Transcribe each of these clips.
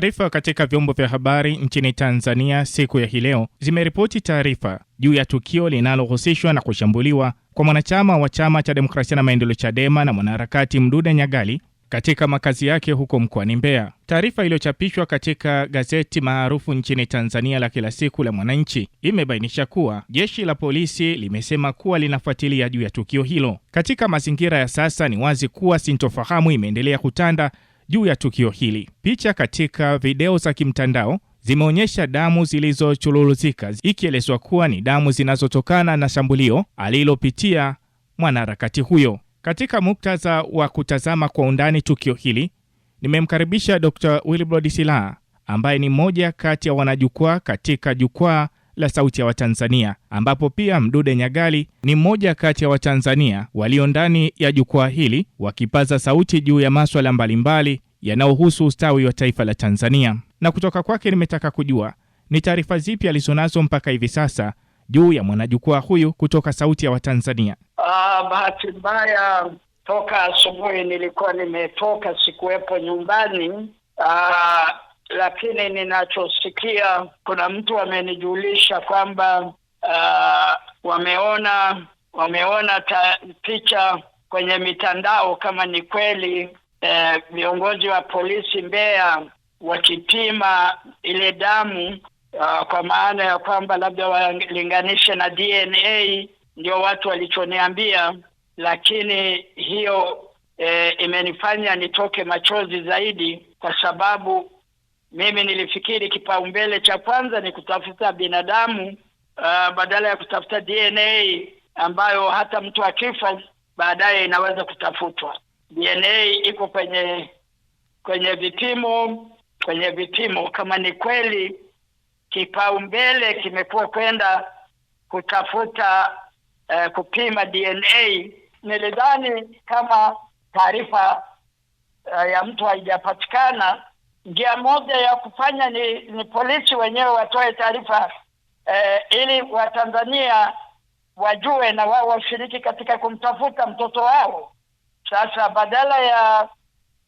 Taarifa katika vyombo vya habari nchini Tanzania siku ya hii leo zimeripoti taarifa juu ya tukio linalohusishwa na kushambuliwa kwa mwanachama wa chama cha demokrasia na maendeleo Chadema na mwanaharakati Mdude Nyagali katika makazi yake huko mkoani Mbeya. Taarifa iliyochapishwa katika gazeti maarufu nchini Tanzania la kila siku la Mwananchi imebainisha kuwa jeshi la polisi limesema kuwa linafuatilia juu ya tukio hilo. Katika mazingira ya sasa, ni wazi kuwa sintofahamu imeendelea kutanda juu ya tukio hili. Picha katika video za kimtandao zimeonyesha damu zilizochululuzika ikielezwa kuwa ni damu zinazotokana na shambulio alilopitia mwanaharakati huyo. Katika muktadha wa kutazama kwa undani tukio hili, nimemkaribisha Dr. Wilbrod Sila ambaye ni mmoja kati ya wanajukwaa katika jukwaa la Sauti ya Watanzania, ambapo pia Mdude Nyagali ni mmoja kati ya Watanzania walio ndani ya jukwaa hili wakipaza sauti juu ya maswala mbalimbali yanayohusu ustawi wa taifa la Tanzania. Na kutoka kwake nimetaka kujua ni taarifa zipi alizonazo mpaka hivi sasa juu ya mwanajukwaa huyu kutoka Sauti ya Watanzania. Ah, bahati mbaya toka asubuhi nilikuwa nimetoka, sikuwepo nyumbani. Uh, lakini ninachosikia kuna mtu amenijulisha kwamba uh, wameona wameona ta, picha kwenye mitandao kama ni kweli uh, viongozi wa polisi Mbeya wakipima ile damu uh, kwa maana ya kwamba labda walinganishe na DNA, ndio watu walichoniambia, lakini hiyo eh, imenifanya nitoke machozi zaidi, kwa sababu mimi nilifikiri kipaumbele cha kwanza ni kutafuta binadamu uh, badala ya kutafuta DNA ambayo hata mtu akifa baadaye inaweza kutafutwa. DNA iko kwenye kwenye vipimo kwenye vipimo. Kama ni kweli, kipaumbele kimekuwa kwenda kutafuta uh, kupima DNA. Nilidhani kama taarifa uh, ya mtu haijapatikana njia moja ya kufanya ni, ni polisi wenyewe watoe taarifa eh, ili Watanzania wajue na wao washiriki katika kumtafuta mtoto wao. Sasa badala ya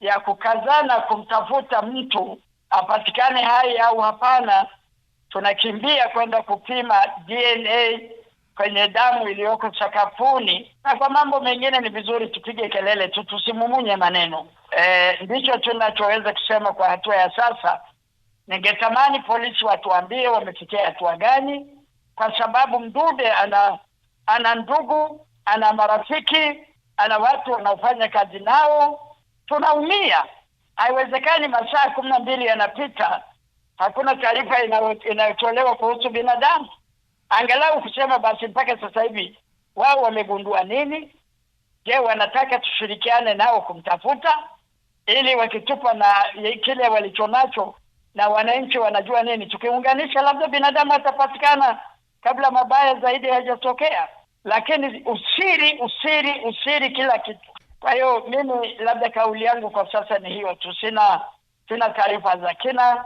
ya kukazana kumtafuta mtu apatikane hai au hapana, tunakimbia kwenda kupima DNA kwenye damu iliyoko sakafuni, na kwa mambo mengine ni vizuri tupige kelele tu, tusimumunye maneno. E, ndicho tunachoweza kusema kwa hatua ya sasa. Ningetamani polisi watuambie wamefikia hatua gani, kwa sababu Mdude ana ana ndugu, ana marafiki, ana watu wanaofanya kazi nao. Tunaumia, haiwezekani masaa kumi na mbili yanapita hakuna taarifa inayotolewa kuhusu binadamu, angalau kusema basi mpaka sasa hivi wao wamegundua nini. Je, wanataka tushirikiane nao kumtafuta ili wakitupa na kile walichonacho na wananchi wanajua nini. Tukiunganisha, labda binadamu atapatikana kabla mabaya zaidi hayajatokea lakini usiri, usiri, usiri kila kitu. Kwa hiyo mimi, labda kauli yangu kwa sasa ni hiyo tu, sina sina taarifa za kina,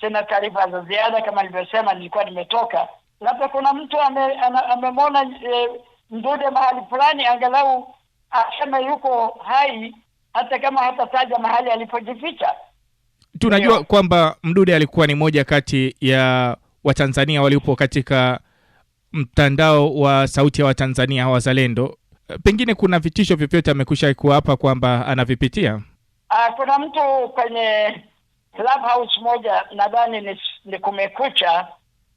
sina taarifa za ziada. Kama nilivyosema, nilikuwa nimetoka, labda kuna mtu amemwona ame eh, e, Mdude mahali fulani, angalau aseme yuko hai hata kama hatataja mahali alipojificha. Tunajua kwamba Mdude alikuwa ni moja kati ya Watanzania waliopo katika mtandao wa Sauti ya Watanzania Wazalendo. Pengine kuna vitisho vyovyote amekusha kuapa kwamba anavipitia? Aa, ah, kuna mtu kwenye Clubhouse moja nadhani ni, ni kumekucha,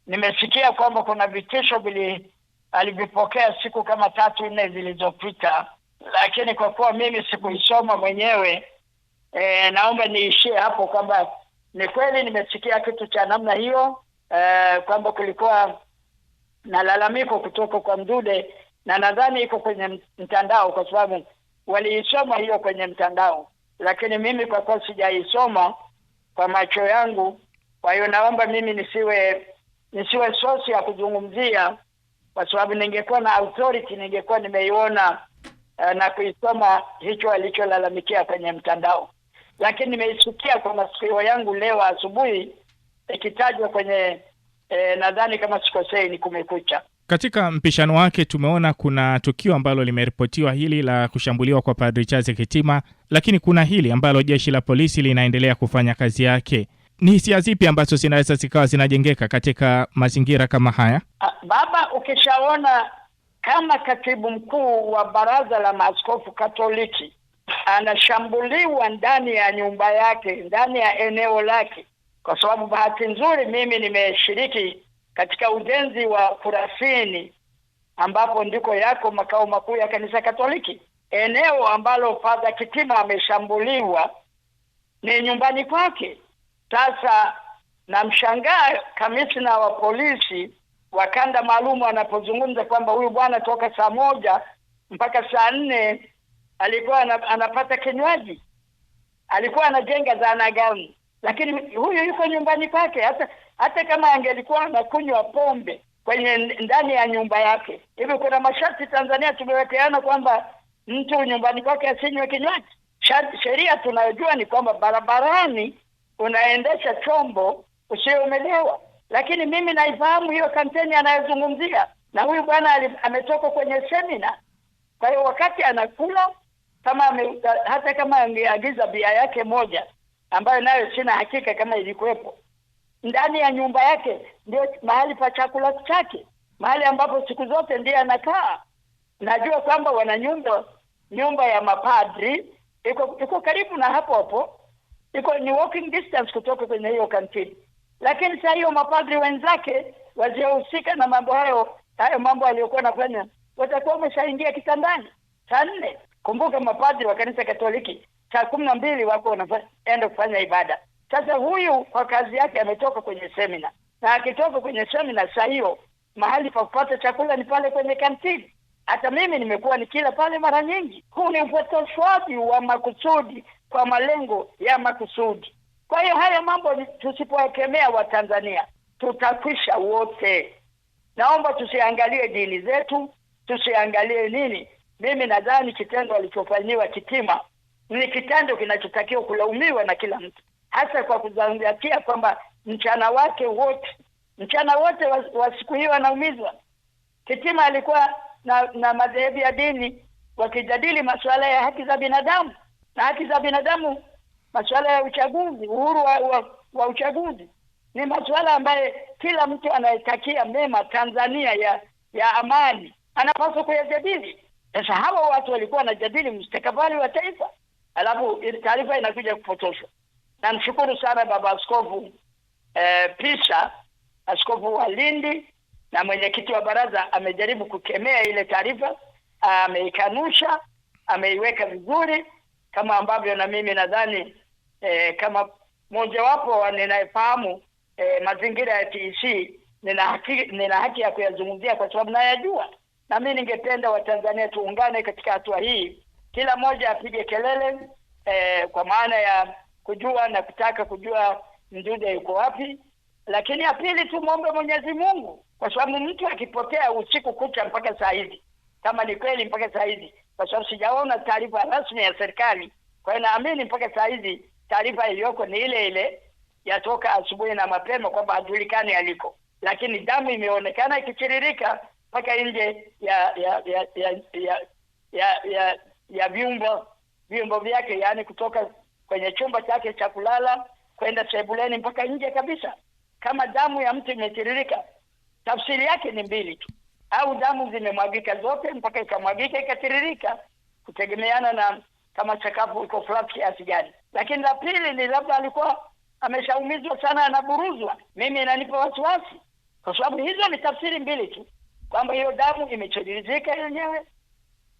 nimesikia kwamba kuna vitisho vili alivipokea siku kama tatu nne zilizopita lakini kwa kuwa mimi sikuisoma mwenyewe e, naomba niishie hapo kwamba ni kweli nimesikia kitu cha namna hiyo e, kwamba kulikuwa na lalamiko kutoka kwa Mdude na nadhani iko kwenye mtandao kwa sababu waliisoma hiyo kwenye mtandao, lakini mimi kwa kuwa sijaisoma kwa macho yangu, kwa hiyo naomba mimi nisiwe nisiwe sosi ya kuzungumzia, kwa sababu ningekuwa na authority, ningekuwa nimeiona Eh, na kuisoma hicho alicholalamikia kwenye mtandao, lakini nimeisikia kwa masikio yangu leo asubuhi ikitajwa kwenye e, nadhani kama sikosei ni Kumekucha. Katika mpishano wake tumeona kuna tukio ambalo limeripotiwa hili la kushambuliwa kwa Padri Charles Kitima, lakini kuna hili ambalo jeshi la polisi linaendelea kufanya kazi yake. Ni hisia zipi ambazo zinaweza zikawa zinajengeka katika mazingira kama haya? A, ah, baba ukishaona kama katibu mkuu wa Baraza la Maaskofu Katoliki anashambuliwa ndani ya nyumba yake, ndani ya eneo lake, kwa sababu bahati nzuri mimi nimeshiriki katika ujenzi wa Kurasini ambapo ndiko yako makao makuu ya kanisa Katoliki. Eneo ambalo fadha Kitima ameshambuliwa ni nyumbani kwake. Sasa namshangaa kamishna wa polisi wakanda maalum anapozungumza kwamba huyu bwana toka saa moja mpaka saa nne alikuwa anapata kinywaji, alikuwa anajenga zaanagani, lakini huyu yuko nyumbani kwake. Hata hata kama angelikuwa anakunywa pombe kwenye ndani ya nyumba yake. Hivi kuna masharti Tanzania tumewekeana kwamba mtu nyumbani kwake asinywe kinywaji. Sheria tunayojua ni kwamba barabarani unaendesha chombo usiyoumelewa lakini mimi naifahamu hiyo kampeni anayozungumzia, na huyu bwana ametoka kwenye semina. Kwa hiyo wakati anakula kama ame, hata kama angeagiza bia yake moja ambayo nayo sina hakika kama ilikuwepo ndani ya nyumba yake, ndio mahali pa chakula chake, mahali ambapo siku zote ndiye anakaa. Najua kwamba wana nyumba nyumba ya mapadri iko iko karibu na hapo hapo, iko ni walking distance kutoka kwenye hiyo kantini lakini saa hiyo mapadri wenzake waliohusika na mambo hayo hayo mambo aliyokuwa anafanya watakuwa wameshaingia kitandani saa nne. Kumbuka mapadri wa kanisa Katoliki saa kumi na mbili wako wanaenda kufanya ibada. Sasa huyu kwa kazi yake ametoka kwenye semina, na akitoka kwenye semina saa hiyo mahali pa kupata chakula ni pale kwenye kantini. Hata mimi nimekuwa nikila pale mara nyingi. Huu ni upotoshwaji wa makusudi kwa malengo ya makusudi. Kwa hiyo haya mambo tusipowakemea Watanzania tutakwisha wote. Naomba tusiangalie dini zetu, tusiangalie nini. Mimi nadhani kitendo alichofanyiwa Kitima ni kitendo kinachotakiwa kulaumiwa na kila mtu, hasa kwa kuzingatia kwamba mchana wake wote mchana wote wa, wa siku hiyo anaumizwa. Kitima alikuwa na, na madhehebu ya dini wakijadili masuala ya haki za binadamu na haki za binadamu masuala ya uchaguzi, uhuru wa, wa, wa uchaguzi ni masuala ambaye kila mtu anayetakia mema Tanzania ya ya amani anapaswa kuyajadili. Sasa hawa watu walikuwa wanajadili mustakabali wa taifa, alafu taarifa inakuja kupotoshwa. namshukuru sana baba askofu eh, Pisa, askofu wa Lindi na mwenyekiti wa baraza, amejaribu kukemea ile taarifa, ameikanusha, ameiweka vizuri, kama ambavyo na mimi nadhani e, kama mojawapo ninayefahamu e, mazingira ya TEC nina haki, nina haki ya kuyazungumzia kwa sababu nayajua, na mimi ningependa Watanzania tuungane katika hatua hii, kila mmoja apige kelele e, kwa maana ya kujua na kutaka kujua Mdude yuko wapi, lakini ya pili tumwombe Mwenyezi Mungu, kwa sababu mtu akipotea usiku kucha mpaka saa hizi, kama ni kweli mpaka saa hizi, kwa sababu sijaona taarifa rasmi ya serikali. Kwa hiyo naamini mpaka saa hizi taarifa iliyoko ni ile ile yatoka asubuhi na mapema kwamba hajulikani aliko, lakini damu imeonekana ikitiririka mpaka nje ya ya ya ya ya, ya, ya, ya vyumba vyumba vyake, yaani kutoka kwenye chumba chake cha kulala kwenda sebuleni mpaka nje kabisa, kama damu ya mtu imetiririka. Tafsiri yake ni mbili tu, au damu zimemwagika zote mpaka ikamwagika ikatiririka, kutegemeana na kama sakafu iko flat kiasi gani lakini la pili ni labda alikuwa ameshaumizwa sana, anaburuzwa. Mimi inanipa wasiwasi, kwa sababu hizo ni tafsiri mbili tu, kwamba hiyo damu imechojirizika yenyewe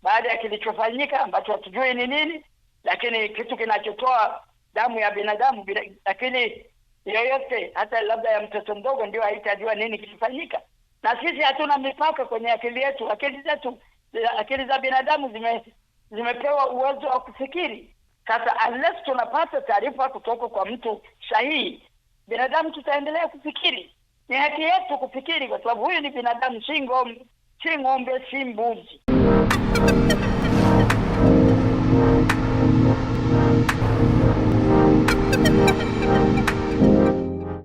baada ya kilichofanyika ambacho hatujui ni nini, lakini kitu kinachotoa damu ya binadamu bila, lakini yoyote hata labda ya mtoto mdogo ndio haitajua nini kilifanyika. Na sisi hatuna mipaka kwenye akili yetu. Akili zetu, akili za binadamu zime- zimepewa uwezo wa kufikiri sasa unless tunapata taarifa kutoka kwa mtu sahihi, binadamu tutaendelea kufikiri. Ni haki yetu kufikiri, kwa sababu huyu ni binadamu, si ng'ombe, si mbuzi.